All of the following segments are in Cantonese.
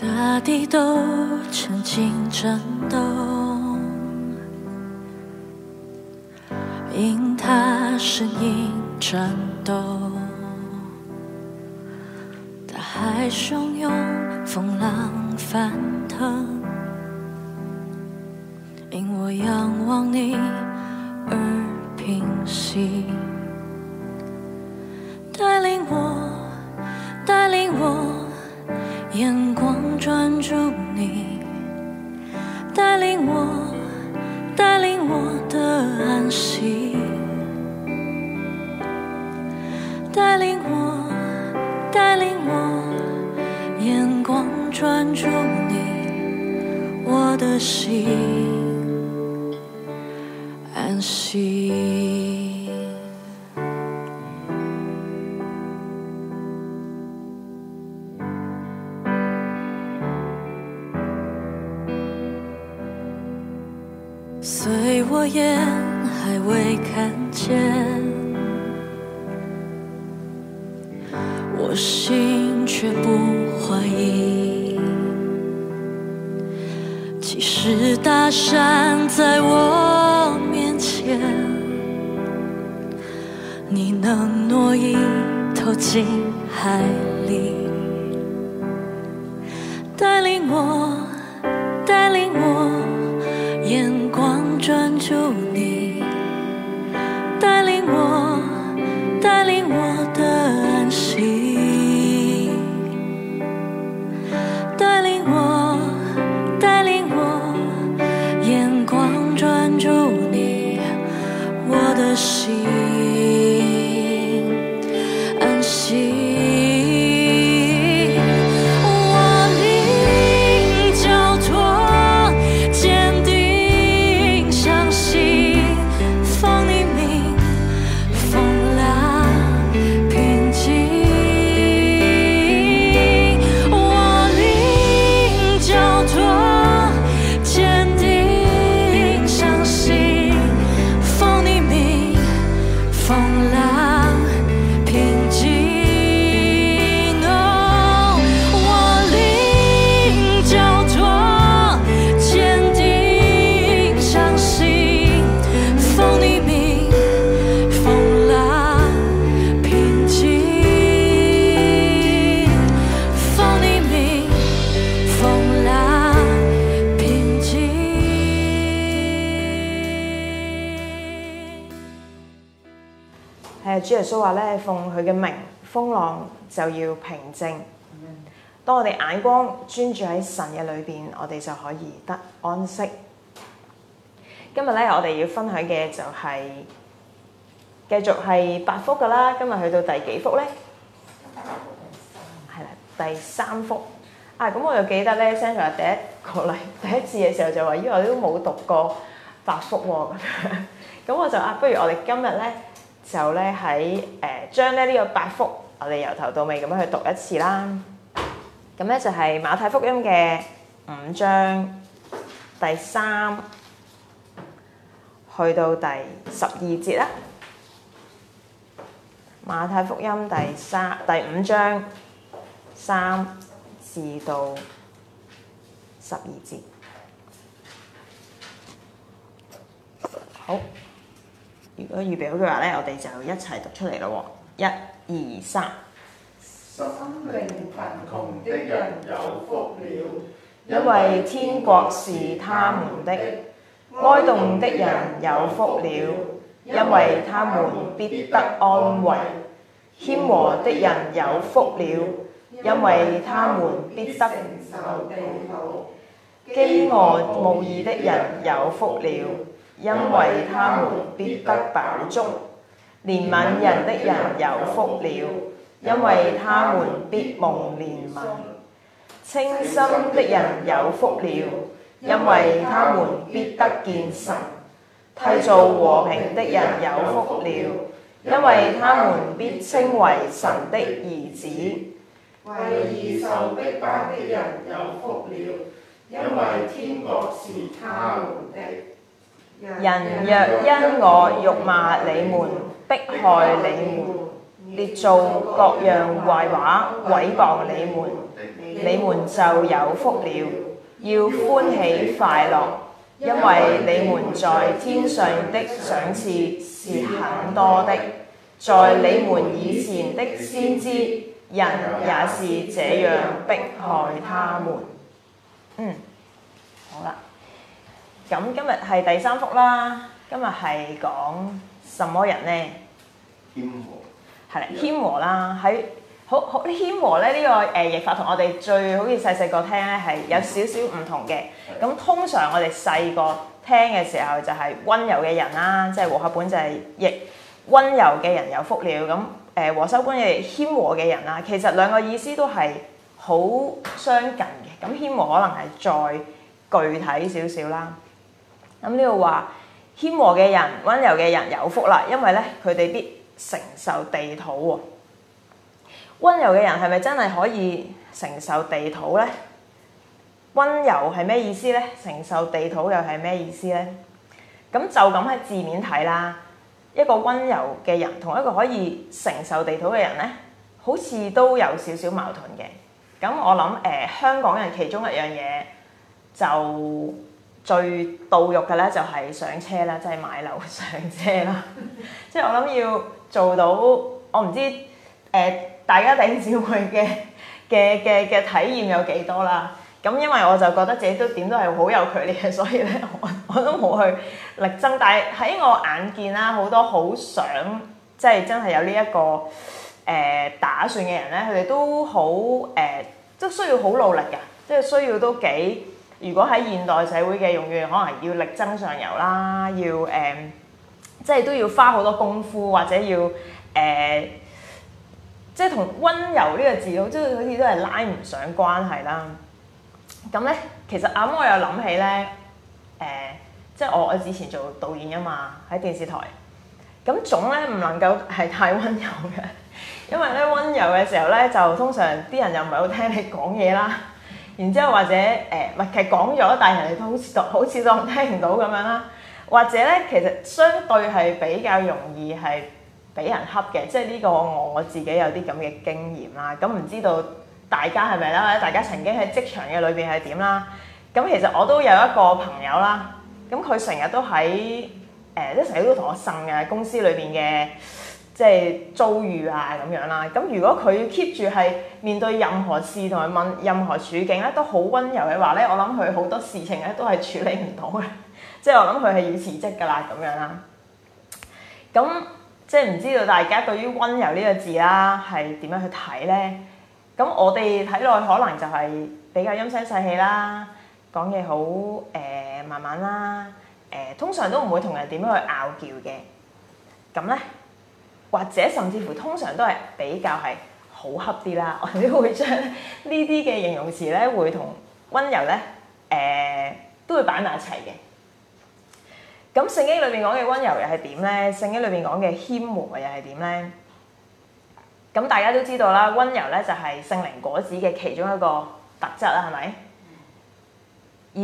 大地都曾經震動，因他聲音顫抖；大海洶湧，風浪翻騰，因我仰望你而平息，帶領我。你。主耶穌話咧：奉佢嘅名，風浪就要平靜。當我哋眼光專注喺神嘅裏邊，我哋就可以得安息。今日咧，我哋要分享嘅就係繼續係八福㗎啦。今日去到第幾福咧？係啦，第三福啊。咁我又記得咧，聖經第一個禮第一次嘅時候就話：因為我哋都冇讀過八福喎。咁 我就啊，不如我哋今日咧。就咧喺誒將咧呢個八福，我哋由頭到尾咁樣去讀一次啦。咁咧就係馬太福音嘅五章第三去到第十二節啦。馬太福音第三第五章三至到十二節。好。如果預備好嘅話咧，我哋就一齊讀出嚟咯喎！一、二、三，心靈貧窮的人有福了，因為天國是他們的；哀慟的人有福了，因為他們必得安慰；謙和的人有福了，因為他們必得承受地土；飢渴慕義的人有福了。因為他們必得飽足，憐憫人的人有福了，因為他們必蒙憐憫，清心的人有福了，因為他們必得見神；締造和平的人有福了，因為他們必稱為神的兒子；為義受逼迫的人有福了，因為天國是他們的。人若因我辱罵你們，迫害你們，捏造各樣壞話，毀謗你們，你們就有福了。要歡喜快樂，因為你們在天上的賞賜是很多的。在你們以前的先知，人也是這樣迫害他們。嗯，好啦。咁今日係第三福啦，今日係講什麼人咧？謙和係啦，謙和啦，喺好好謙和咧，呢個誒譯法同我哋最好似細細個聽咧，係有少少唔同嘅。咁的通常我哋細個聽嘅時候就係温柔嘅人啦，即係和合本就係譯温柔嘅人有福了。咁誒和修觀嘅謙和嘅人啦，其實兩個意思都係好相近嘅。咁謙和可能係再具體少少啦。咁呢度話謙和嘅人、温柔嘅人有福啦，因為咧佢哋必承受地土喎。温柔嘅人係咪真係可以承受地土咧？温柔係咩意思咧？承受地土又係咩意思咧？咁就咁喺字面睇啦，一個温柔嘅人同一個可以承受地土嘅人咧，好似都有少少矛盾嘅。咁我諗，呃，香港人其中一樣嘢就。最倒肉嘅咧就係上車啦，即係買樓上車啦，即 係我諗要做到，我唔知誒大家頂住佢嘅嘅嘅嘅體驗有幾多啦。咁因為我就覺得自己都點都係好有距離嘅，所以咧我我都冇去力爭。但係喺我眼見啦，好多好想即係真係有呢一個誒、呃、打算嘅人咧，佢哋都好誒，即係需要好努力嘅，即係需要都幾。如果喺現代社會嘅用語，可能要力爭上游啦，要誒、呃，即係都要花好多功夫，或者要誒、呃，即係同温柔呢個字，好似好似都係拉唔上關係啦。咁咧，其實啱我又諗起咧，誒、呃，即係我我之前做導演啊嘛，喺電視台，咁總咧唔能夠係太温柔嘅，因為咧温柔嘅時候咧，就通常啲人又唔係好聽你講嘢啦。然之後或者誒，咪其實講咗，但係人哋都好似當好似當聽唔到咁樣啦。或者咧，其實相對係比較容易係俾人恰嘅，即係呢個我自己有啲咁嘅經驗啦。咁唔知道大家係咪啦？大家曾經喺職場嘅裏邊係點啦？咁其實我都有一個朋友啦，咁佢成日都喺誒，即成日都同我呻嘅公司裏邊嘅。即係遭遇啊，咁樣啦，咁如果佢 keep 住係面對任何事同埋問任何處境咧，都好温柔嘅話咧，我諗佢好多事情咧都係處理唔到嘅，即係我諗佢係要辭職噶啦咁樣啦。咁即係唔知道大家對於温柔呢個字啦，係點樣去睇咧？咁我哋睇落去可能就係比較陰聲細氣啦，講嘢好誒慢慢啦，誒、呃、通常都唔會同人點樣去拗撬嘅。咁咧？或者甚至乎通常都係比較係好恰啲啦，我哋都會將呢啲嘅形容詞咧會同温柔咧誒、呃、都會擺埋一齊嘅。咁聖經裏邊講嘅温柔又係點咧？聖經裏邊講嘅謙和又係點咧？咁大家都知道啦，温柔咧就係聖靈果子嘅其中一個特質啦，係咪？而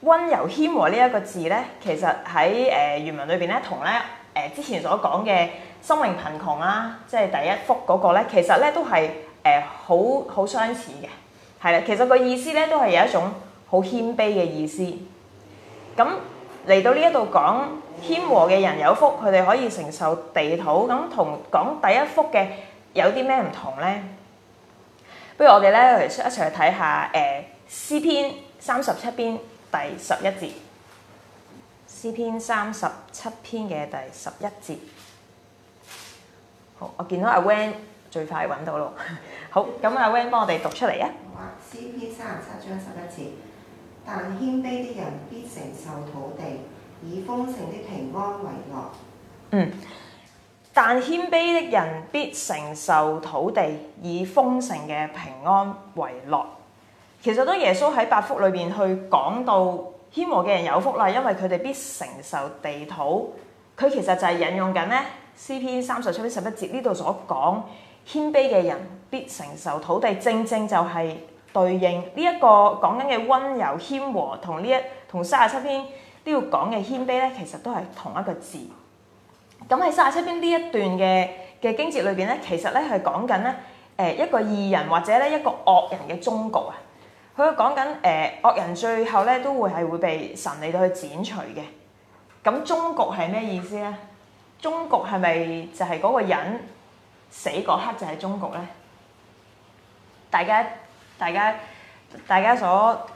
温柔謙和呢一個字咧，其實喺誒原文裏邊咧同咧誒之前所講嘅。心靈貧窮啊，即係第一幅嗰個咧，其實咧都係誒好好相似嘅，係啦。其實個意思咧都係有一種好謙卑嘅意思。咁嚟到呢一度講謙和嘅人有福，佢哋可以承受地土。咁同講第一幅嘅有啲咩唔同咧？不如我哋咧一齊一齊去睇下誒詩篇三十七篇第十一節，詩篇三十七篇嘅第十一節。我見到阿 Van 最快揾到咯，好，咁阿 Van 幫我哋讀出嚟啊。詩篇三十七章十一節，但謙卑的人必承受土地，以豐盛的平安為樂。嗯，但謙卑的人必承受土地，以豐盛嘅平安為樂。其實當耶穌喺八福裏邊去講到謙和嘅人有福啦，因為佢哋必承受地土。佢其實就係引用緊呢。詩篇三十七篇十一節呢度所講謙卑嘅人必承受土地，正正就係對應呢一個講緊嘅温柔謙和，同呢一同三十七篇呢度講嘅謙卑咧，其實都係同一個字。咁喺三十七篇呢一段嘅嘅經節裏邊咧，其實咧係講緊咧誒一個義人或者咧一個惡人嘅終局啊！佢講緊誒惡人最後咧都會係會被神理到去剪除嘅。咁終局係咩意思咧？中局係咪就係嗰個人死嗰刻就係終局咧？大家、大家、大家所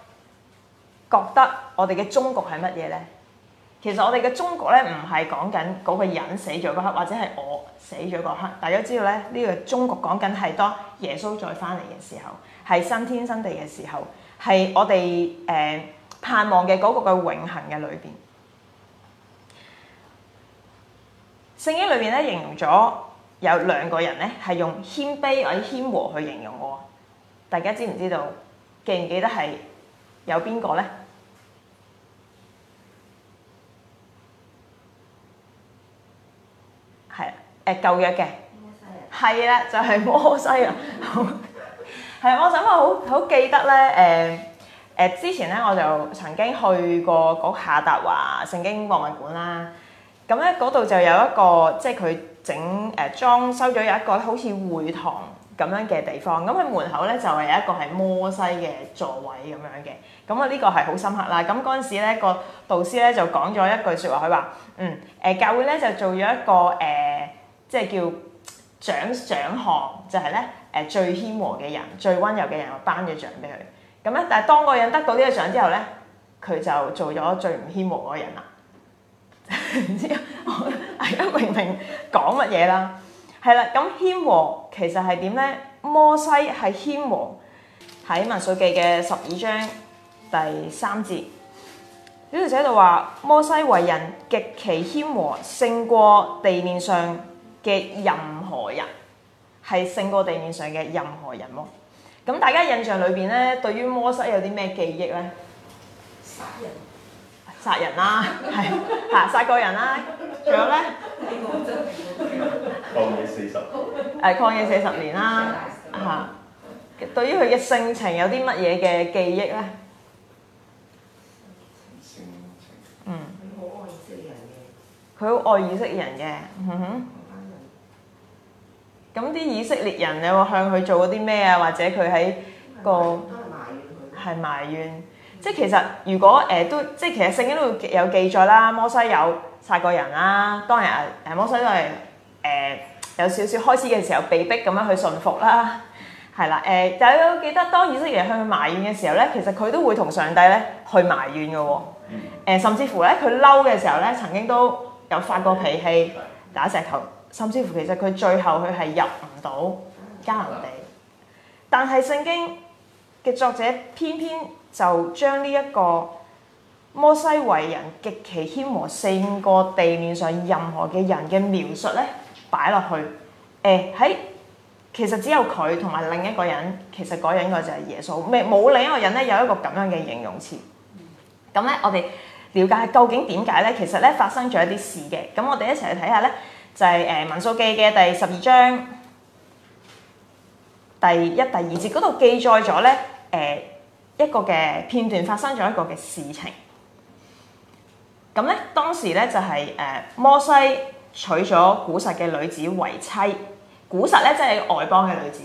覺得我哋嘅終局係乜嘢咧？其實我哋嘅終局咧唔係講緊嗰個人死咗嗰刻，或者係我死咗嗰刻。大家知道咧，呢、這個終局講緊係當耶穌再返嚟嘅時候，係新天新地嘅時候，係我哋誒盼望嘅嗰個嘅永恆嘅裏邊。聖經裏面咧形容咗有兩個人咧，係用謙卑或者謙和去形容嘅喎。大家知唔知道？記唔記得係有邊個咧？係誒舊約嘅。摩西啊。係啦西，就係、是、摩西啊。係， 我諗我好好記得咧。誒、呃、誒、呃，之前咧我就曾經去過嗰夏達華聖經博物館啦。咁咧嗰度就有一個，即係佢整誒、啊、裝修咗有一個好似會堂咁樣嘅地方。咁佢門口咧就係有一個係摩西嘅座位咁樣嘅。咁啊呢個係好深刻啦。咁嗰陣時咧個導師咧就講咗一句説話，佢話：嗯誒教會咧就做咗一個誒、呃，即係叫獎獎項，就係咧誒最謙和嘅人、最温柔嘅人，我頒咗獎俾佢。咁咧但係當嗰個人得到呢個獎之後咧，佢就做咗最唔謙和嘅人啦。唔 知我而家明明講乜嘢啦？係啦，咁謙和其實係點呢？摩西係謙和喺《民數記》嘅十二章第三節，呢度寫到話摩西為人極其謙和，勝過地面上嘅任何人，係勝過地面上嘅任何人喎。咁大家印象裏邊呢，對於摩西有啲咩記憶呢？殺人。殺人啦，係嚇殺個人啦，仲有咧抗議四十，誒抗議四十年啦嚇。對於佢嘅性情有啲乜嘢嘅記憶咧？嗯，佢好愛以色列人嘅，佢好愛以色列人嘅，嗯哼。咁啲以色列人你話向佢做咗啲咩啊？或者佢喺個係埋怨。即係其實，如果誒都即係其實聖經都會有記載啦，摩西有殺過人啦。當然啊，摩西都係誒、呃、有少少開始嘅時候被逼咁樣去順服啦，係啦誒。但係我記得當以色列向佢埋怨嘅時候咧，其實佢都會同上帝咧去埋怨嘅喎。甚至乎咧，佢嬲嘅時候咧，曾經都有發過脾氣，打石頭。甚至乎其實佢最後佢係入唔到迦南地，但係聖經嘅作者偏偏，就將呢一個摩西為人極其謙和，勝過地面上任何嘅人嘅描述咧，擺落去。誒喺其實只有佢同埋另一個人，其實嗰人應該就係耶穌，未冇另一個人咧有一個咁樣嘅形容詞。咁咧，我哋了解究竟點解咧？其實咧發生咗一啲事嘅。咁我哋一齊去睇下咧，就係誒民數記嘅第十二章第一、第二節嗰度記載咗咧誒。一個嘅片段發生咗一個嘅事情，咁咧當時咧就係誒摩西娶咗古實嘅女子為妻，古實咧即係外邦嘅女子，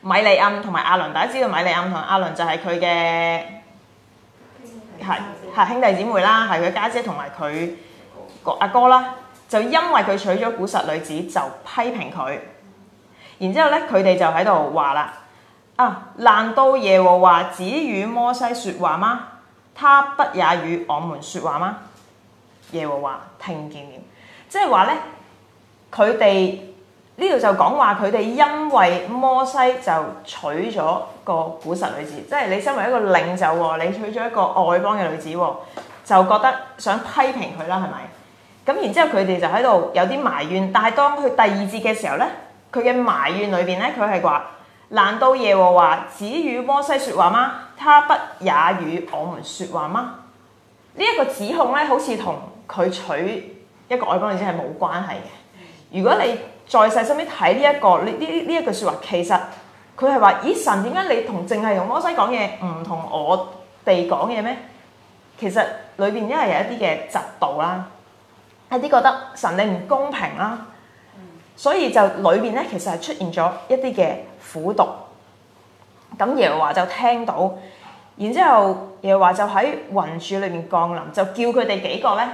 米利暗同埋亞倫，大家知道米利暗同亞倫就係佢嘅係係兄弟姊妹啦，係佢家姐同埋佢阿哥啦，就因為佢娶咗古實女子就批評佢，然之後咧佢哋就喺度話啦。啊！難道耶和華只與摩西說話嗎？他不也與我們說話嗎？耶和華聽見了，即係話即係話咧，佢哋呢度就講話佢哋因為摩西就娶咗個古實女子，即係即係你身為一個領袖，你娶咗一個外邦嘅女子，就覺得想批評佢啦，係咪？咁然之後佢哋就喺度有啲埋怨，但係當佢第二節嘅時候咧，佢嘅埋怨裏邊咧，佢係話。難道耶和華只與摩西說話嗎？他不也與我們說話嗎？呢、這、一個指控咧，好似同佢娶一個外邦女子係冇關係嘅。如果你再細心啲睇呢一個呢呢呢一句説話，其實佢係話：咦，神點解你同淨係同摩西講嘢，唔同我哋講嘢咩？其實裏邊因為有一啲嘅嫉妒啦，一啲覺得神你唔公平啦。所以就裏面咧，其實係出現咗一啲嘅苦毒。咁耶和華就聽到，然之後耶和華就喺雲柱裏面降臨，就叫佢哋幾個咧，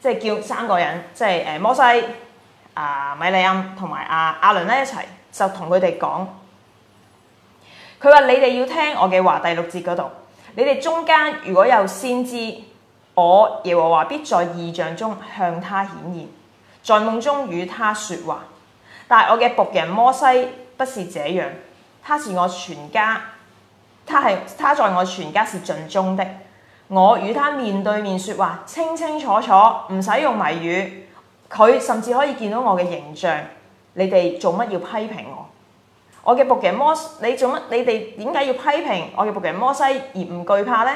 即係叫三個人，即係誒摩西、啊米利暗同埋阿亞倫咧一齊，就同佢哋講。佢話：你哋要聽我嘅話，第六節嗰度，你哋中間如果有先知，我耶和華必在異象中向他顯現。在夢中與他說話，但係我嘅僕人摩西不是這樣，他是我全家，他係他在我全家是盡忠的，我與他面對面說話，清清楚楚，唔使用謎語，佢甚至可以見到我嘅形象。你哋做乜要批評我？我嘅僕人摩西，你做乜？你哋點解要批評我嘅僕人摩西而唔懼怕呢？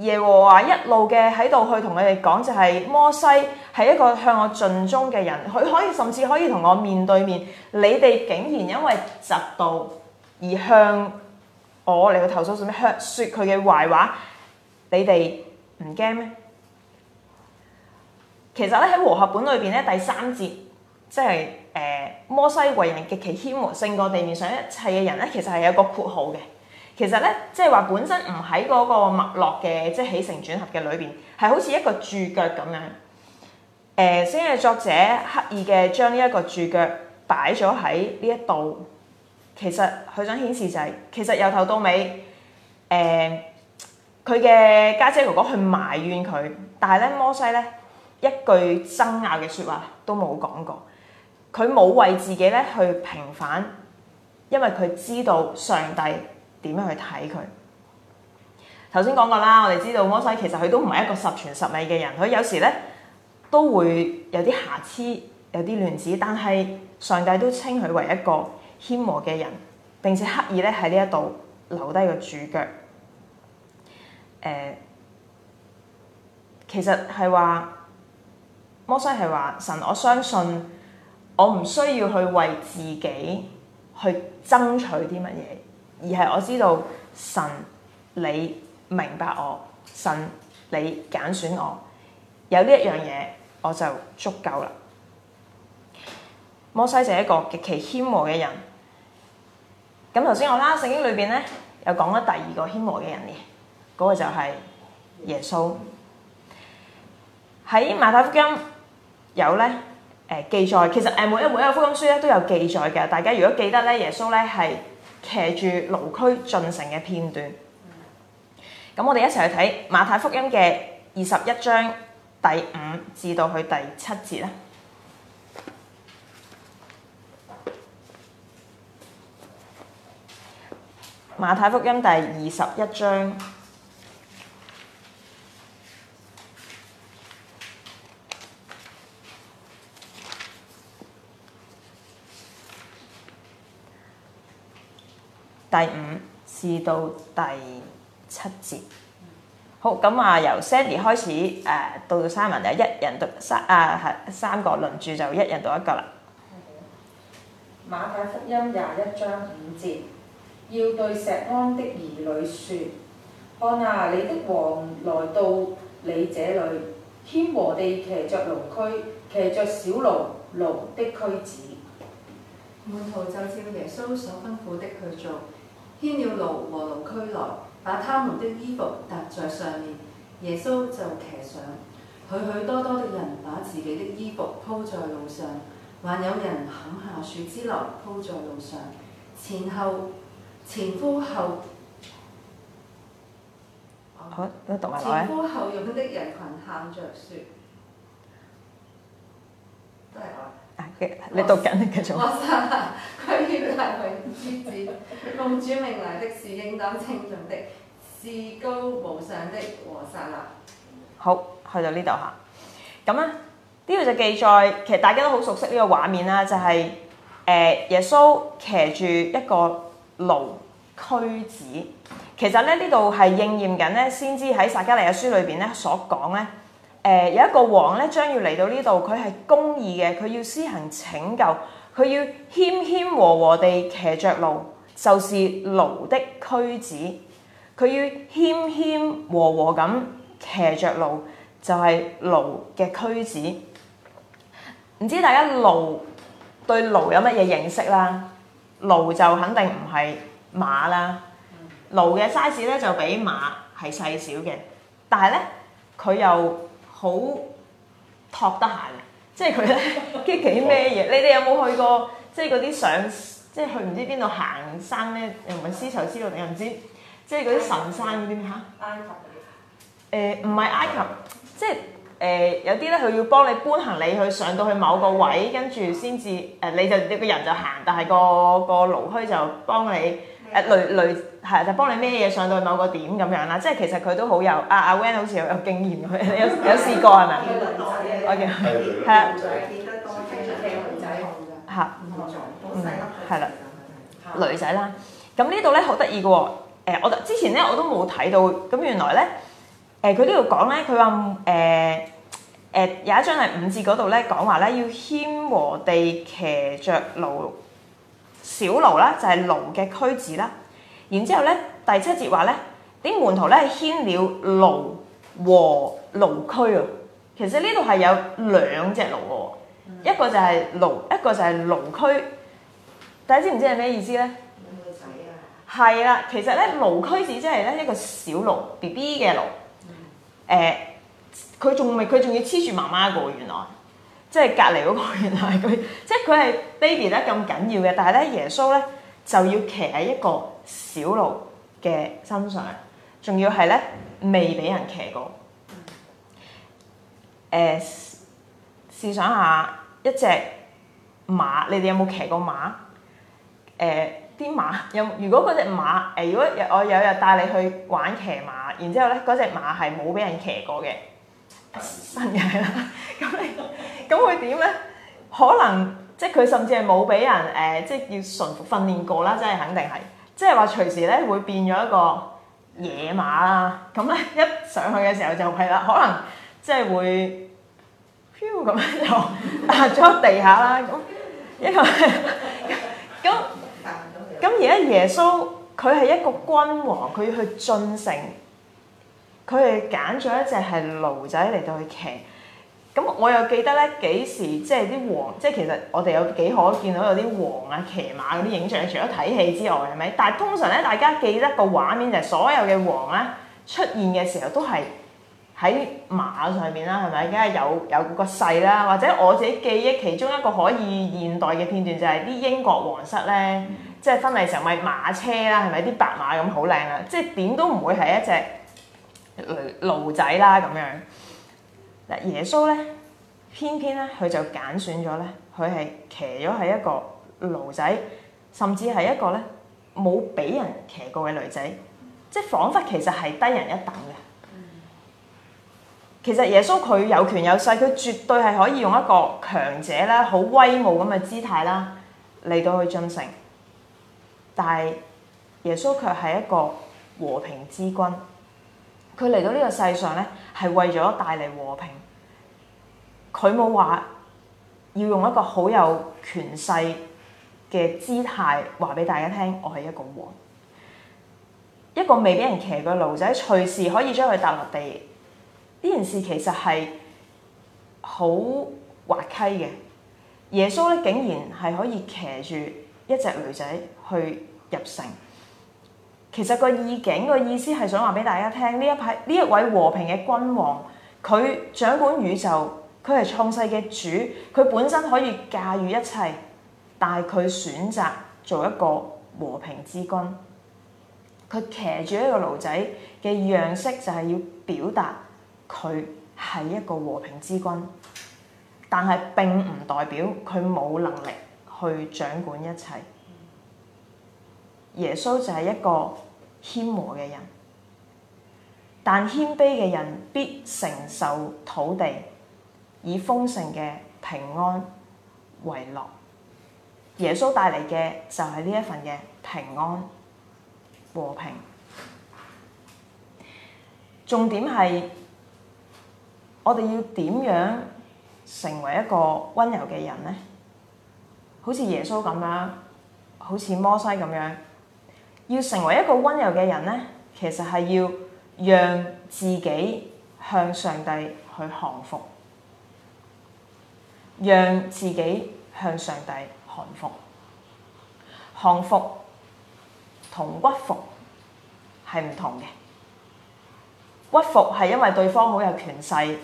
耶和華一路嘅喺度去同佢哋講，就係摩西係一個向我盡忠嘅人，佢可以甚至可以同我面對面。你哋竟然因為嫉妒而向我嚟去投訴，做咩？向說佢嘅壞話？你哋唔驚咩？其實咧，喺和合本裏邊咧，第三節，即係誒摩西為人極其謙和，勝過地面上一切嘅人咧，其實係有一個括號嘅。其實咧，即係話本身唔喺嗰個脈絡嘅，即係起承轉合嘅裏邊，係好似一個注腳咁樣。誒，所以作者刻意嘅將呢一個注腳擺咗喺呢一度，其實佢想顯示就係其實由頭到尾，誒，佢嘅家姐哥哥去埋怨佢，但係咧摩西咧一句爭拗嘅説話都冇講過，佢冇為自己咧去平反，因為佢知道上帝。點樣去睇佢？頭先講過啦，我哋知道摩西其實佢都唔係一個十全十美嘅人，佢有時咧都會有啲瑕疵，有啲亂子。但係上帝都稱佢為一個謙和嘅人，並且刻意咧喺呢一度留低個註腳。誒、呃，其實係話摩西係話神，我相信我唔需要去為自己去爭取啲乜嘢，而係我知道神你明白我，神你揀選我，有呢一樣嘢我就足夠啦。摩西就係一個極其謙和嘅人。咁頭先我啦，聖經裏邊咧有講咗第二個謙和嘅人嘅，嗰個就係耶穌。喺馬太福音有咧誒記載，其實誒每一個每一個福音書咧都有記載嘅。大家如果記得咧，耶穌咧係。騎住驢駒進城嘅片段，咁我哋一齊去睇馬太福音嘅二十一章第五至到去第七節啦。馬太福音第二十一章。第五至到第七節，好咁啊！由 Sandy 開始誒、呃，到到 Simon m 就一人讀三啊，係、呃、三個輪住就一人讀一個啦。馬太福音廿一章五節，要對錫安的兒女説：看啊！你的王來到你這裏，謙和地騎着驢駒，騎着小驢，驢的駒子，門徒就照耶穌所吩咐的去做。牽了驢和驢駒來，把他們的衣服搭在上面。耶穌就騎上。許許多多的人把自己的衣服鋪在路上，還有人砍下樹枝來鋪在路上。前後前呼後，啊、前呼後擁的人群喊着説：你讀緊，你繼續。和散那，歸於大衆之子，奉主名來的，是應當稱頌的，至高無上的和散那。好，去到呢度哈。咁咧，呢度就記載，其實大家都好熟悉呢個畫面啦，就係、是、誒耶穌騎住一個驢駒子。其實咧，呢度係應驗緊咧，先知喺撒迦利亞嘅書裏邊咧所講咧。誒、呃、有一個王咧，將要嚟到呢度，佢係公義嘅，佢要施行拯救，佢要謙謙和和地騎着驢，就是驢的駒子，佢要謙謙和和咁騎着驢，就係驢嘅駒子。唔知道大家驢對驢有乜嘢認識啦？驢就肯定唔係馬啦，驢嘅 size 咧就比馬係細小嘅，但係咧佢又。好托得閒嘅，即係佢咧激奇咩嘢？你哋有冇去過？即係嗰啲上，即係去唔知邊度行山咧？又唔係絲綢之路定又唔知，即係嗰啲神山嗰啲咩嚇？埃及誒，唔係埃及，即係誒、呃、有啲咧，佢要幫你搬行李去上到去某個位，跟住先至誒，你就你個人就行，但係個個勞區就幫你。誒，驢驢係就幫你咩嘢上到去某個點咁樣啦，即係其實佢都好有，阿阿 Wen 好似有有經驗，佢有有試過係咪？我嘅係啦。嚇，嗯，係啦，驢仔啦，咁呢度咧好得意嘅喎，誒，我之前咧我都冇睇到，咁原來咧，誒，佢呢度講咧，佢話誒誒有一張係五字嗰度咧，講話咧要謙和地騎着驢。」小驢啦，就係驢嘅駒子啦。然之後咧，第七節話咧，啲門徒咧牽了驢和驢駒啊。其實呢度係有兩隻驢噶，一個就係驢，一個就係驢駒。大家知唔知係咩意思咧？係啦，其實咧驢駒子即係咧一個小驢 B B 嘅驢。誒，佢仲未，佢仲、呃、要黐住媽媽個原來。即係隔離嗰個，原來係佢，即係佢係 baby 得咁緊要嘅。但係咧，耶穌咧就要騎喺一個小路嘅身上，仲要係咧未俾人騎過。誒、呃，試想一下一隻馬，你哋有冇騎過馬？誒、呃，啲馬有。如果嗰隻馬誒，如果有一天我有日帶你去玩騎馬，然之後咧嗰隻馬係冇俾人騎過嘅。新嘅係啦，咁你咁會點咧？可能即係佢甚至係冇俾人、呃、即要馴服訓練過啦，即係肯定係，即係話隨時咧會變咗一個野馬啦。咁咧一上去嘅時候就係啦，可能即係會飄咁、呃、樣又砸咗地下啦咁，因為咁咁而家耶穌佢係一個君王，佢要去進城。佢哋揀咗一隻係驢仔嚟到去騎，咁我又記得咧幾時，即係啲皇，即係其實我哋有幾可見到有啲皇啊騎馬嗰啲影像，除咗睇戲之外，係咪？但係通常咧，大家記得個畫面就係所有嘅皇咧出現嘅時候都係喺馬上面啦，係咪？梗係有有個勢啦，或者我自己記憶其中一個可以現代嘅片段就係啲英國皇室咧，即係婚禮時候咪馬車啦，係咪啲白馬咁好靚啦？即係點都唔會係一隻。奴，驢仔啦咁樣，嗱耶穌咧，偏偏咧佢就揀選咗咧，佢係騎咗係一個驢仔，甚至係一個咧冇俾人騎過嘅女仔，即係仿佛其實係低人一等嘅。其實耶穌佢有權有勢，佢絕對係可以用一個強者很啦，好威武咁嘅姿態啦嚟到去進城，但係耶穌卻係一個和平之君。佢嚟到呢個世上咧，係為咗帶嚟和平。佢冇話要用一個好有權勢嘅姿態話俾大家聽，我係一個王，一個未俾人騎過嘅驢仔，隨時可以將佢踏落地。呢件事其實係好滑稽嘅。耶穌咧，竟然係可以騎住一隻驢仔去入城。其實個意境個意思係想話俾大家聽，呢一批呢一位和平嘅君王，佢掌管宇宙，佢係創世嘅主，佢本身可以駕馭一切，但係佢選擇做一個和平之君。佢騎住一個驢仔嘅樣式就係要表達佢係一個和平之君，但係並唔代表佢冇能力去掌管一切。耶穌就係一個謙和嘅人，但謙卑嘅人必承受土地，以豐盛嘅平安為樂。耶穌帶嚟嘅就係呢一份嘅平安和平。重點係我哋要點樣成為一個溫柔嘅人呢？好似耶穌咁樣，好似摩西咁樣。要成為一個温柔嘅人呢，其實係要讓自己向上帝去降服，讓自己向上帝降服。降服同屈服係唔同嘅，屈服係因為對方好有權勢，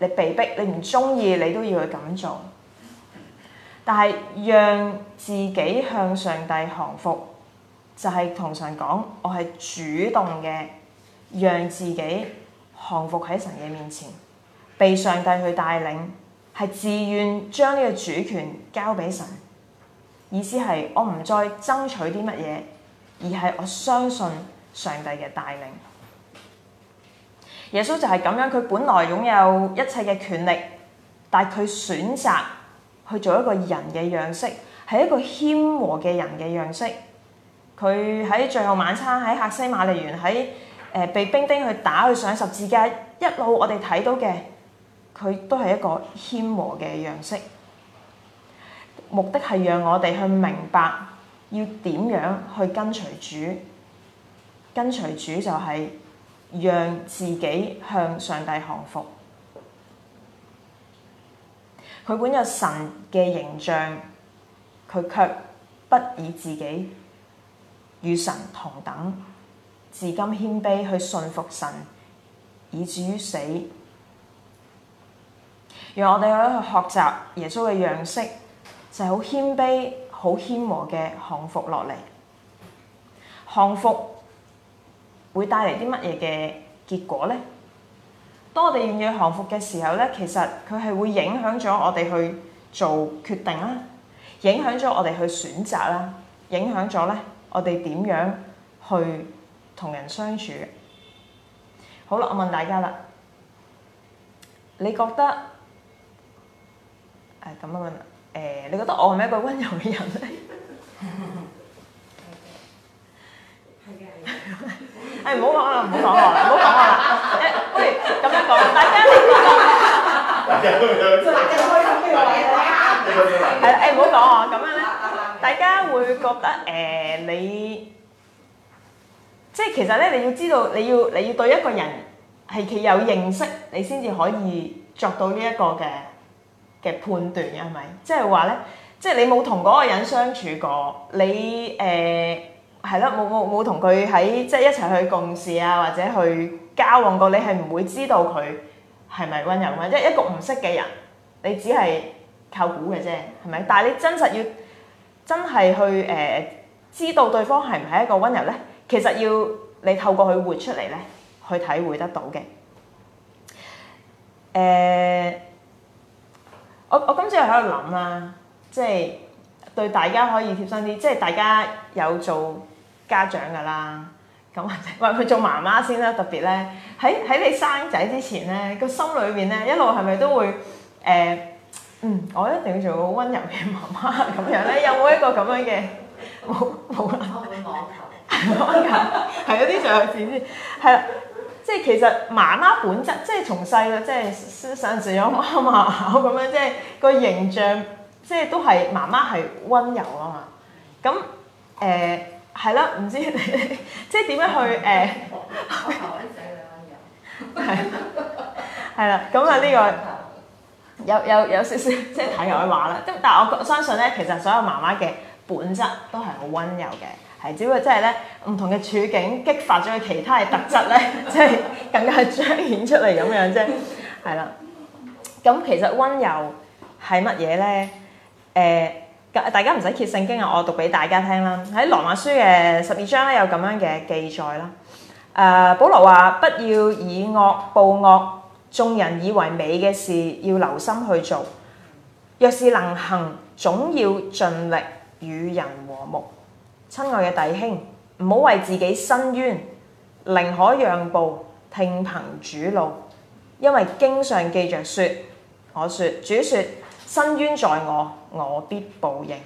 你被逼，你唔中意，你都要去咁做。但係讓自己向上帝降服。就係同神講，我係主動嘅，讓自己降服喺神嘅面前，被上帝去帶領，係自願將呢個主權交俾神。意思係我唔再爭取啲乜嘢，而係我相信上帝嘅帶領。耶穌就係咁樣，佢本來擁有一切嘅權力，但佢選擇去做一個人嘅樣式，係一個謙和嘅人嘅樣式。佢喺最後晚餐，喺客西馬尼園，喺誒被兵丁去打去上十字架，一路我哋睇到嘅佢都係一個謙和嘅樣式。目的係讓我哋去明白要點樣去跟隨主，跟隨主就係讓自己向上帝降服。佢本有神嘅形象，佢卻不以自己，與神同等，至今謙卑去信服神，以至於死。讓我哋去學習耶穌嘅樣式，就係好謙卑、好謙和嘅降服落嚟。降服會帶嚟啲乜嘢嘅結果呢？當我哋願意降服嘅時候咧，其實佢係會影響咗我哋去做決定啦，影響咗我哋去選擇啦，影響咗咧。我哋點樣去同人相處？好啦，我問大家啦，你覺得係咁、哎、樣問誒、呃？你覺得我係咪一個温柔嘅人咧？係嘅係嘅。誒唔好講啦，唔好講喎，唔好講啦。誒喂、 哎，咁樣講，大家 你講啦。唔好大家會覺得誒、呃，你即係其實咧，你要知道，你要你要對一個人係佢有認識，你先至可以作到呢一個嘅嘅判斷，係咪？即係話咧，即係你冇同嗰個人相處過，你誒係咯，冇冇冇同佢喺即係一齊去共事啊，或者去交往過，你係唔會知道佢係咪温柔嘅，即係一個唔識嘅人，你只係靠估嘅啫，係咪？但係你真實要，真係去誒、呃、知道對方係唔係一個温柔咧？其實要你透過佢活出嚟咧，去體會得到嘅。誒、呃，我我今次又喺度諗啦，即係對大家可以貼身啲，即係大家有做家長噶啦，咁或者為佢做媽媽先啦。特別咧，喺喺你生仔之前咧，個心裏面咧一路係咪都會誒？呃嗯，我一定要做個温柔嘅媽媽咁樣咧，有冇一個咁樣嘅？冇冇啦。係咪㗱？係嗰啲就係似啲，係啦。即係其實媽媽本質，即係從細啦，即係想成日有媽媽咁樣，即係個形象，即係都係媽媽係温柔啊嘛。咁係啦，唔、呃、知道你即係點樣去誒？係、呃、啦，係啦，咁啊呢個。有有有少少即係睇我嘅話啦，咁但係我相信咧，其實所有媽媽嘅本質都係好温柔嘅，係只不過即係咧，唔同嘅處境激發咗佢其他嘅特質咧，即係 更加彰顯出嚟咁樣啫，係啦。咁其實温柔係乜嘢咧？誒、呃，大家唔使揭聖經啊，我讀俾大家聽啦。喺羅馬書嘅十二章咧有咁樣嘅記載啦。誒、呃，保羅話：不要以惡報惡。眾人以為美嘅事，要留心去做；若是能行，總要盡力與人和睦。親愛嘅弟兄，唔好為自己申冤，寧可讓步，聽憑主怒。因為經上記着說我説，主說，申冤在我，我必報應。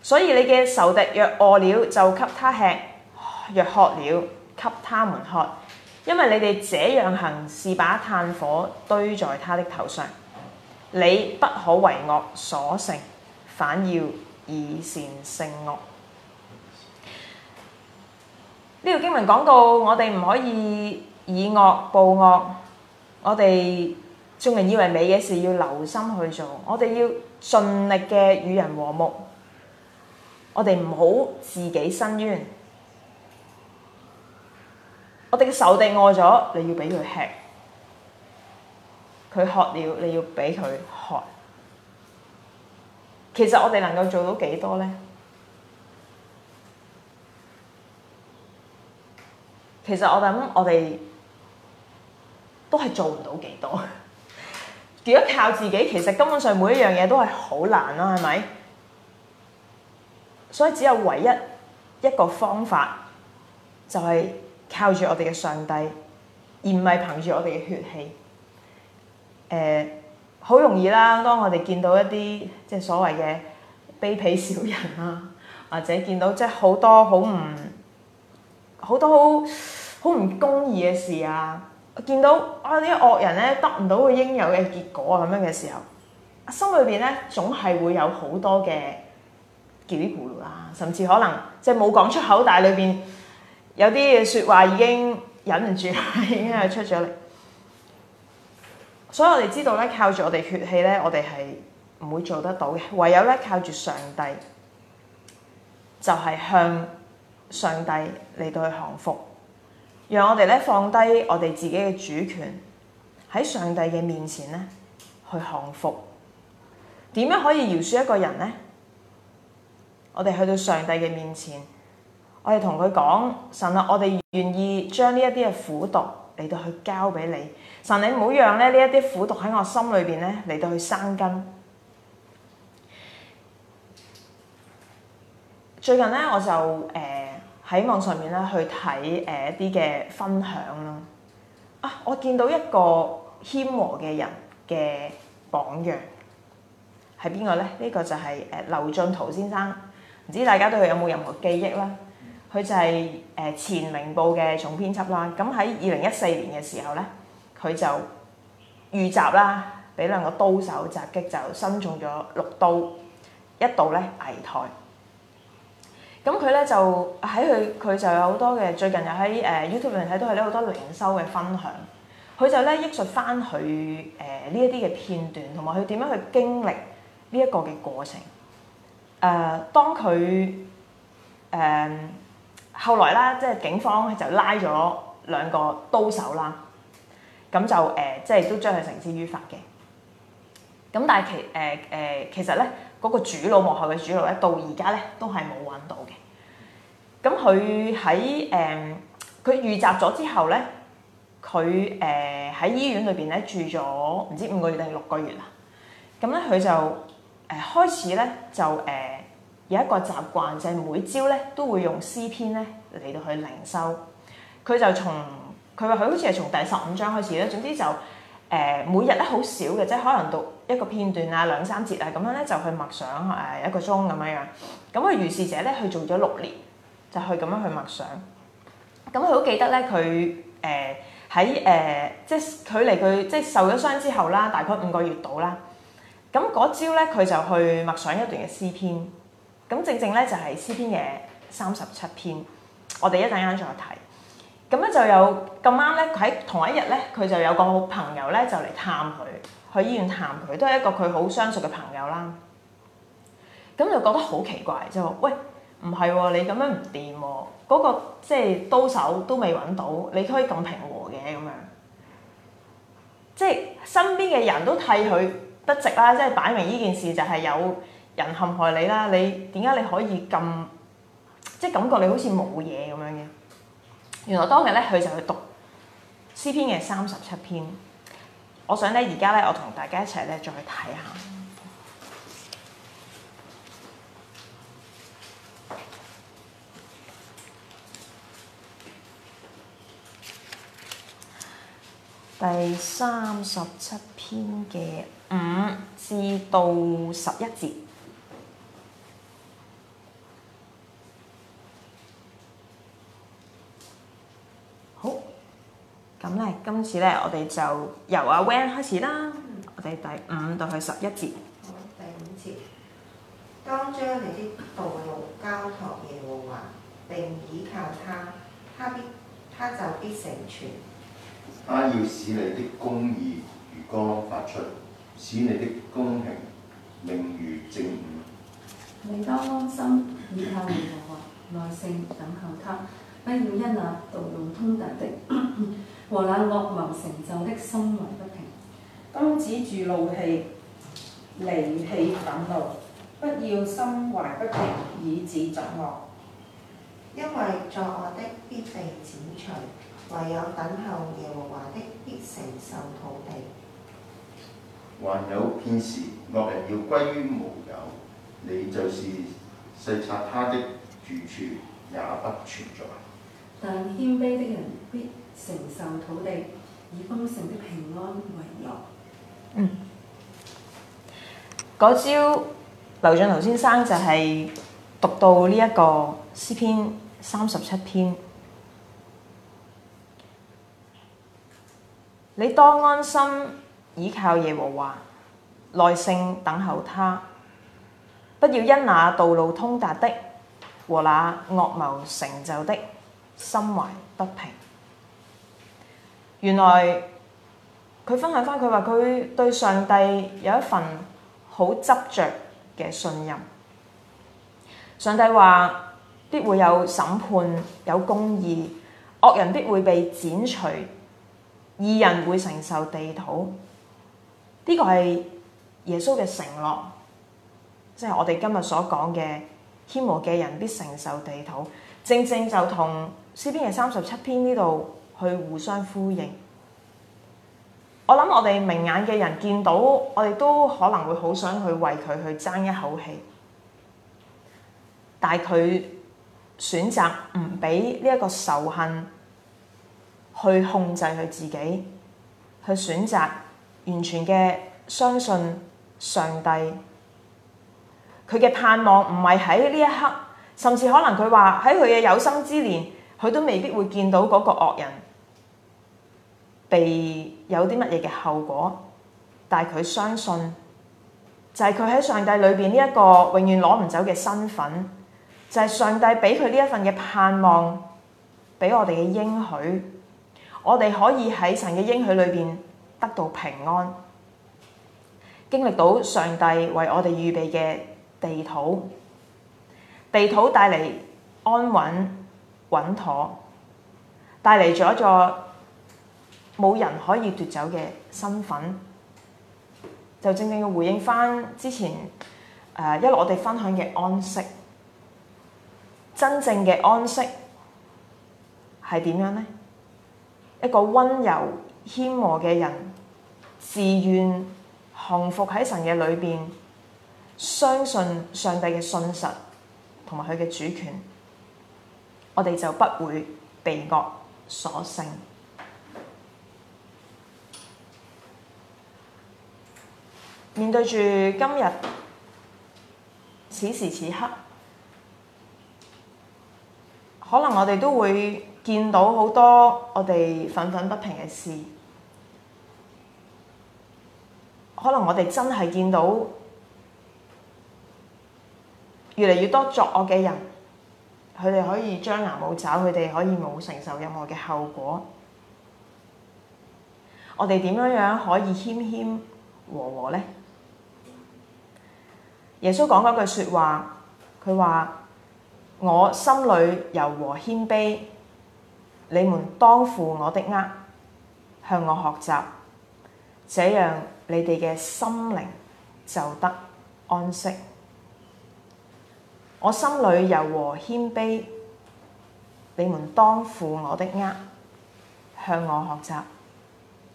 所以你嘅仇敵若餓了，就給他吃；若渴了，給他們喝。因為你哋這樣行，是把炭火堆在他的頭上。你不可為惡所勝，反要以善勝惡。呢條、嗯、經文講到，我哋唔可以以惡報惡。我哋眾人以為美嘅事，要留心去做。我哋要盡力嘅與人和睦。我哋唔好自己申冤。」我哋嘅仇敵餓咗，你要俾佢吃；佢渴了，你要俾佢喝。其實我哋能夠做到幾多呢？其實我諗，我哋都係做唔到幾多。如果靠自己，其實根本上每一樣嘢都係好難咯，係咪？所以只有唯一一個方法就係。靠住我哋嘅上帝，而唔係憑住我哋嘅血氣。誒、呃，好容易啦！當我哋見到一啲即係所謂嘅卑鄙小人啊，或者見到即係好多好唔好多好好唔公義嘅事啊，見到啊啲惡、這個、人咧得唔到佢應有嘅結果啊。咁樣嘅時候，心裏邊咧總係會有好多嘅咕嚕啦，甚至可能即係冇講出口裏面，但係裏邊。有啲嘢說話已經忍唔住了，已經係出咗嚟。所以我哋知道咧，靠住我哋血氣咧，我哋係唔會做得到嘅。唯有咧靠住上帝，就係向上帝嚟到去降服，讓我哋咧放低我哋自己嘅主權，喺上帝嘅面前咧去降服。點樣可以饒恕一個人咧？我哋去到上帝嘅面前。我哋同佢講：神啊，我哋願意將呢一啲嘅苦毒嚟到去交俾你。神，你唔好讓咧呢一啲苦毒喺我心裏邊咧嚟到去生根。最近咧，我就誒喺、呃、網上面咧去睇誒一啲嘅分享啦。啊，我見到一個謙和嘅人嘅榜樣係邊個咧？是呢、這個就係誒劉俊圖先生，唔知道大家對佢有冇任何記憶啦？佢就係誒前明報嘅總編輯啦。咁喺二零一四年嘅時候咧，佢就遇襲啦，俾兩個刀手襲擊，就身中咗六刀，一度咧危殆。咁佢咧就喺佢佢就有好多嘅，最近又喺誒 YouTube 上面睇到佢咧好多靈修嘅分享。佢就咧憶述返佢誒呢一啲嘅片段，同埋佢點樣去經歷呢一個嘅過程。誒、呃，當佢誒。呃後來啦，即係警方就拉咗兩個刀手啦，咁就誒，即係都將佢繩之於法嘅。咁但係其誒誒、呃呃，其實咧嗰、那個主腦幕後嘅主腦咧，到而家咧都係冇揾到嘅。咁佢喺誒佢遇襲咗之後咧，佢誒喺醫院裏邊咧住咗唔知五個月定六個月啊。咁咧佢就誒、呃、開始咧就誒。呃有一個習慣就係、是、每朝咧都會用詩篇咧嚟到去靈修。佢就從佢話佢好似係從第十五章開始咧。總之就誒、呃、每日咧好少嘅，即係可能讀一個片段啊、兩三節啊咁樣咧就去默想誒一個鐘咁樣樣。咁啊，如是者咧佢做咗六年就去咁樣去默想。咁佢好記得咧，佢誒喺誒即係距離佢即係受咗傷之後啦，大概五個月到啦。咁嗰朝咧佢就去默想一段嘅詩篇。咁正正咧就係《詩篇》嘅三十七篇，我哋一陣間再睇。咁咧就有咁啱咧喺同一日咧，佢就有個朋友咧就嚟探佢，去醫院探佢，都係一個佢好相熟嘅朋友啦。咁就覺得好奇怪，就話喂，唔係喎，你咁樣唔掂喎，嗰、那個即係、就是、刀手都未揾到，你都可以咁平和嘅咁樣，即、就、係、是、身邊嘅人都替佢不值啦，即係擺明呢件事就係有。人陷害你啦！你點解你可以咁即係感覺你好似冇嘢咁樣嘅？原來當日咧，佢就去讀詩篇嘅三十七篇。我想咧，而家咧，我同大家一齊咧，再去睇下第三十七篇嘅五至到十一節。咁咧，今次咧，我哋就由阿 Van 開始啦。我哋第五到去十一節。好，第五節。當將你啲道路交託耶和華，並倚靠他，他必他就必成全。他要使你的公義如光發出，使你的公平明如正午。你當安心依靠耶和華，耐性等候他，不要因那道路通達的。 和那惡謀成就的心懷不平，當止住怒氣，離棄憤怒，不要心懷不平以止作惡，因為作惡的必被剪除，唯有等候耶和華的必承受土地。還有片時，惡人要歸於無有，你就是細察他的住處也不存在。但謙卑的人必受土地以豐盛的平安為樂。嗯，嗰朝劉俊劉先生就係讀到呢一個詩篇三十七篇。 你多安心倚靠耶和華，耐性等候他，不要因那道路通達的和那惡謀成就的，心懷不平。原來佢分享翻，佢話佢對上帝有一份好執着嘅信任。上帝話必會有審判，有公義，惡人必會被剪除，義人會承受地土。呢個係耶穌嘅承諾，即係我哋今日所講嘅謙和嘅人必承受地土，正正就同詩篇嘅三十七篇呢度去互相呼應，我諗我哋明眼嘅人見到，我哋都可能會好想去為佢去爭一口氣，但係佢選擇唔畀呢一個仇恨去控制佢自己，去選擇完全嘅相信上帝。佢嘅盼望唔係喺呢一刻，甚至可能佢話喺佢嘅有生之年，佢都未必會見到嗰個惡人。被有啲乜嘢嘅後果，但係佢相信就係佢喺上帝裏邊呢一個永遠攞唔走嘅身份，就係上帝俾佢呢一份嘅盼望，俾我哋嘅應許，我哋可以喺神嘅應許裏邊得到平安，經歷到上帝為我哋預備嘅地土，地土帶嚟安穩穩妥，帶嚟咗一座。冇人可以奪走嘅身份，就正正要回應翻之前一路我哋分享嘅安息。真正嘅安息係點樣呢？一個溫柔謙和嘅人，自願降服喺神嘅裏面，相信上帝嘅信實同埋佢嘅主權，我哋就不會被惡所勝。面對住今日此時此刻，可能我哋都會見到好多我哋憤憤不平嘅事，可能我哋真係見到越嚟越多作惡嘅人，佢哋可以張牙舞爪，佢哋可以冇承受任何嘅後果。我哋點樣可以謙謙和和咧？耶穌講嗰句說話，佢話：我心裏柔和謙卑，你們當負我的軛，向我學習，這樣你哋嘅心靈就得安息。我心裏柔和謙卑，你們當負我的軛，向我學習，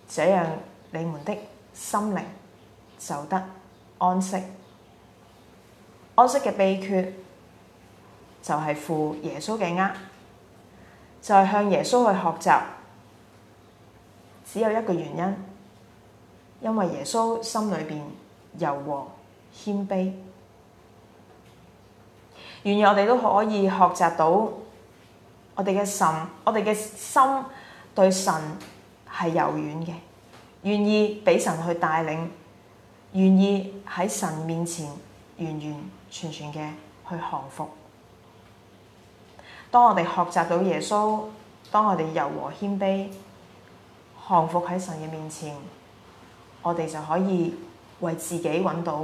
這樣你們的心靈就得安息。安息嘅秘訣就係負耶穌嘅軛，就係向耶穌去學習。只有一個原因，因為耶穌心裏邊柔和謙卑，願意我哋都可以學習到我哋嘅神，我哋嘅心對神係柔軟嘅，願意畀神去帶領，願意喺神面前完完全全嘅去降服。當我哋學習到耶穌，當我哋柔和謙卑，降服喺神嘅面前，我哋就可以為自己揾到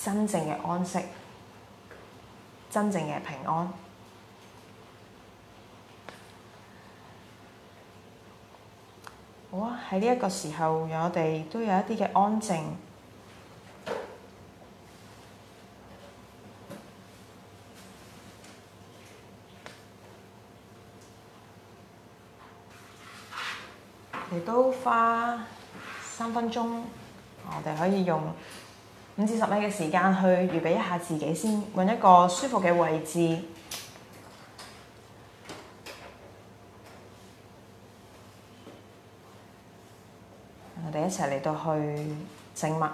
真正嘅安息，真正嘅平安。好啊，喺呢一個時候，讓我哋都有一啲嘅安靜。都花三分鐘，我哋可以用五至十秒嘅時間去預備一下自己先，揾一個舒服嘅位置。我哋一齊嚟到去靜默。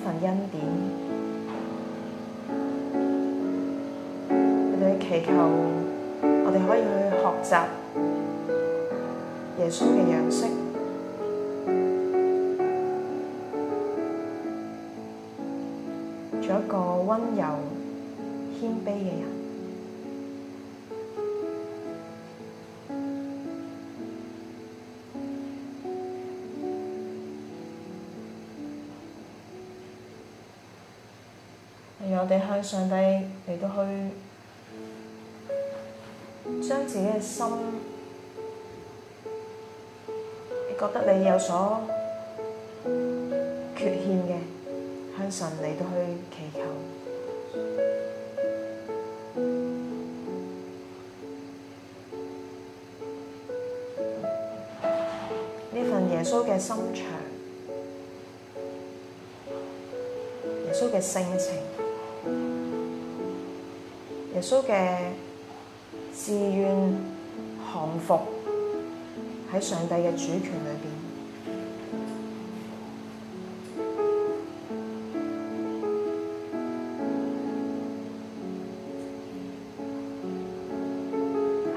一份恩典，我哋祈求，我哋可以去學習耶穌嘅樣式，做一個溫柔謙卑嘅人。我哋向上帝嚟到去，將自己嘅心，你覺得你有所缺陷嘅，向神嚟到去祈求，呢份耶穌嘅心腸，耶穌嘅性情。耶穌嘅自願降服喺上帝嘅主權裏邊，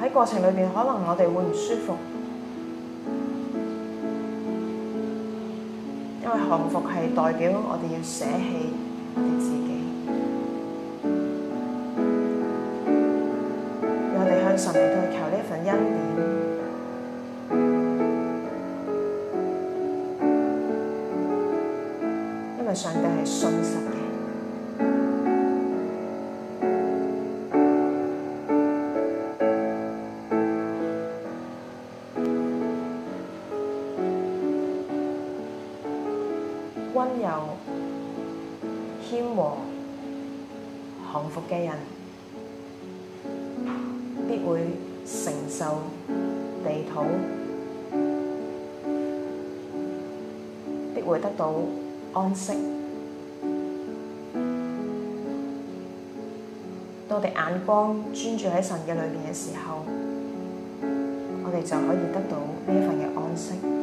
喺過程裏邊，可能我哋會唔舒服，因為降服係代表我哋要捨棄我哋自己。嚟求呢份恩典，因為上帝係信實嘅，溫柔、謙和、幸福嘅人。會得到安息。當當我哋眼光專注喺神嘅裏面嘅時候，我哋就可以得到呢份嘅安息。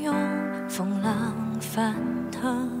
風浪翻騰。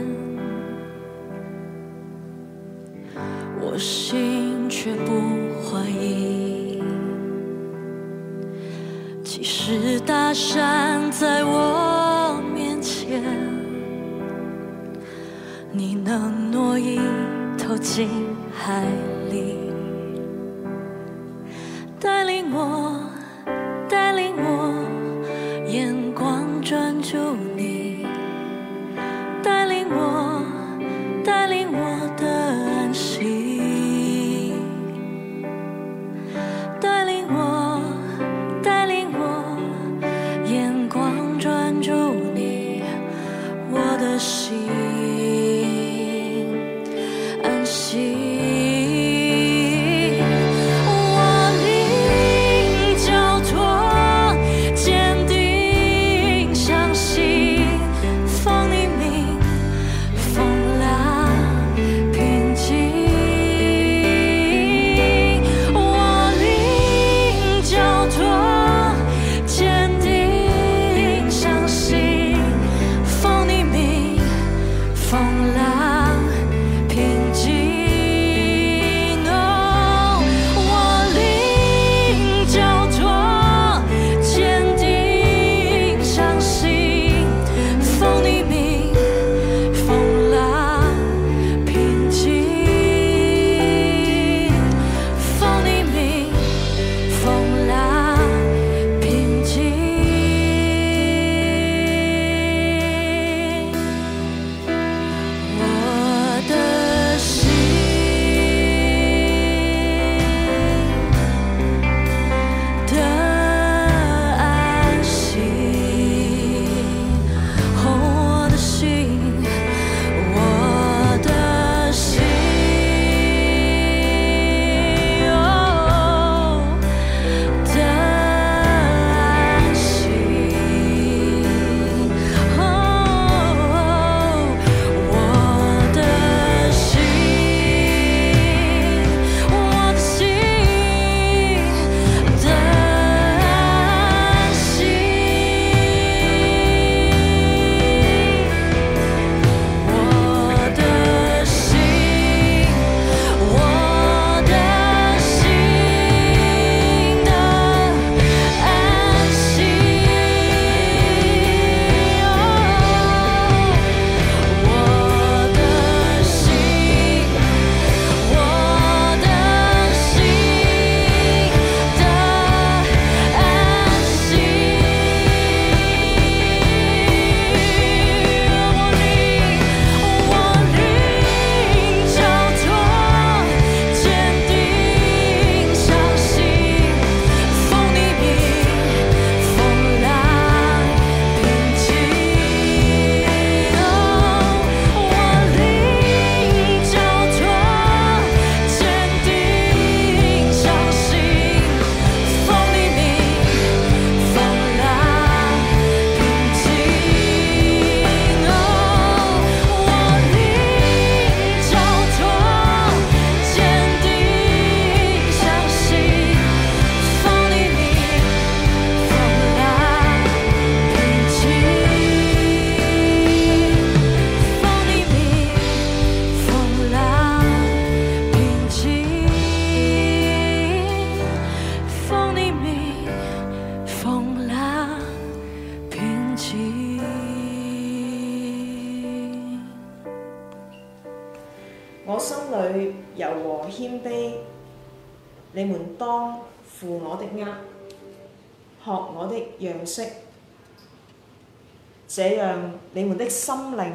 心靈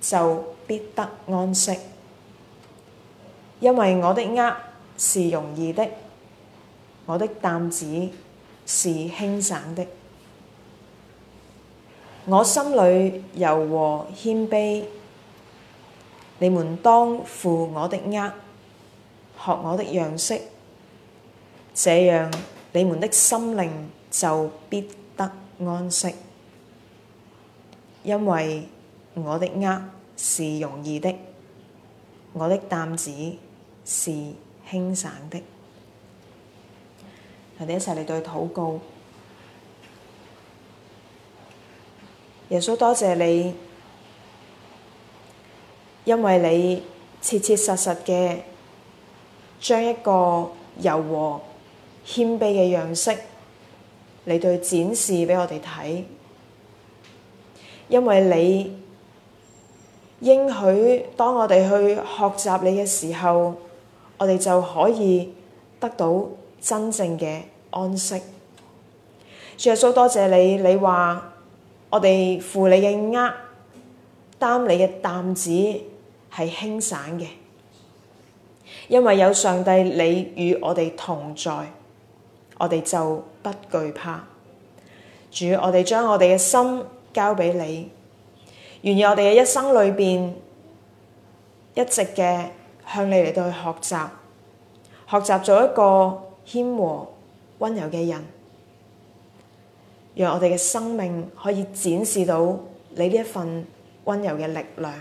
就必得安息，因為我的軛是容易的，我的擔子是輕省的。我心裡柔和謙卑，你們當負我的軛，學我的樣式，這樣你們的心靈就必得安息，因為。我的軛，是容易的，我的擔子是輕省的。我哋一齊嚟到禱告。耶穌多謝你，因為你切切實實嘅將一個柔和謙卑嘅樣式嚟到展示畀我哋睇，因為你。應許當我哋去學習你嘅時候，我哋就可以得到真正嘅安息。主耶穌多謝你，你話我哋負你嘅軛，擔你嘅擔子係輕省嘅，因為有上帝你與我哋同在，我哋就不懼怕。主，我哋將我哋嘅心交俾你。願意我哋嘅一生裏面，一直嘅向你嚟到去學習，學習做一個謙和温柔嘅人，讓我哋嘅生命可以展示到你呢一份温柔嘅力量。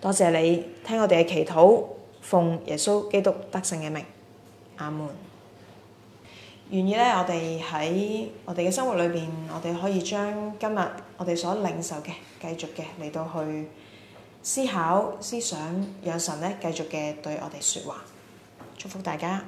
多謝你聽我哋嘅祈禱，奉耶穌基督得勝嘅名。阿門。願意咧，我哋喺我哋嘅生活裏面，我哋可以將今日，我哋所領受嘅，繼續嘅嚟到去思考、思想，讓神咧繼續嘅對我哋説話，祝福大家。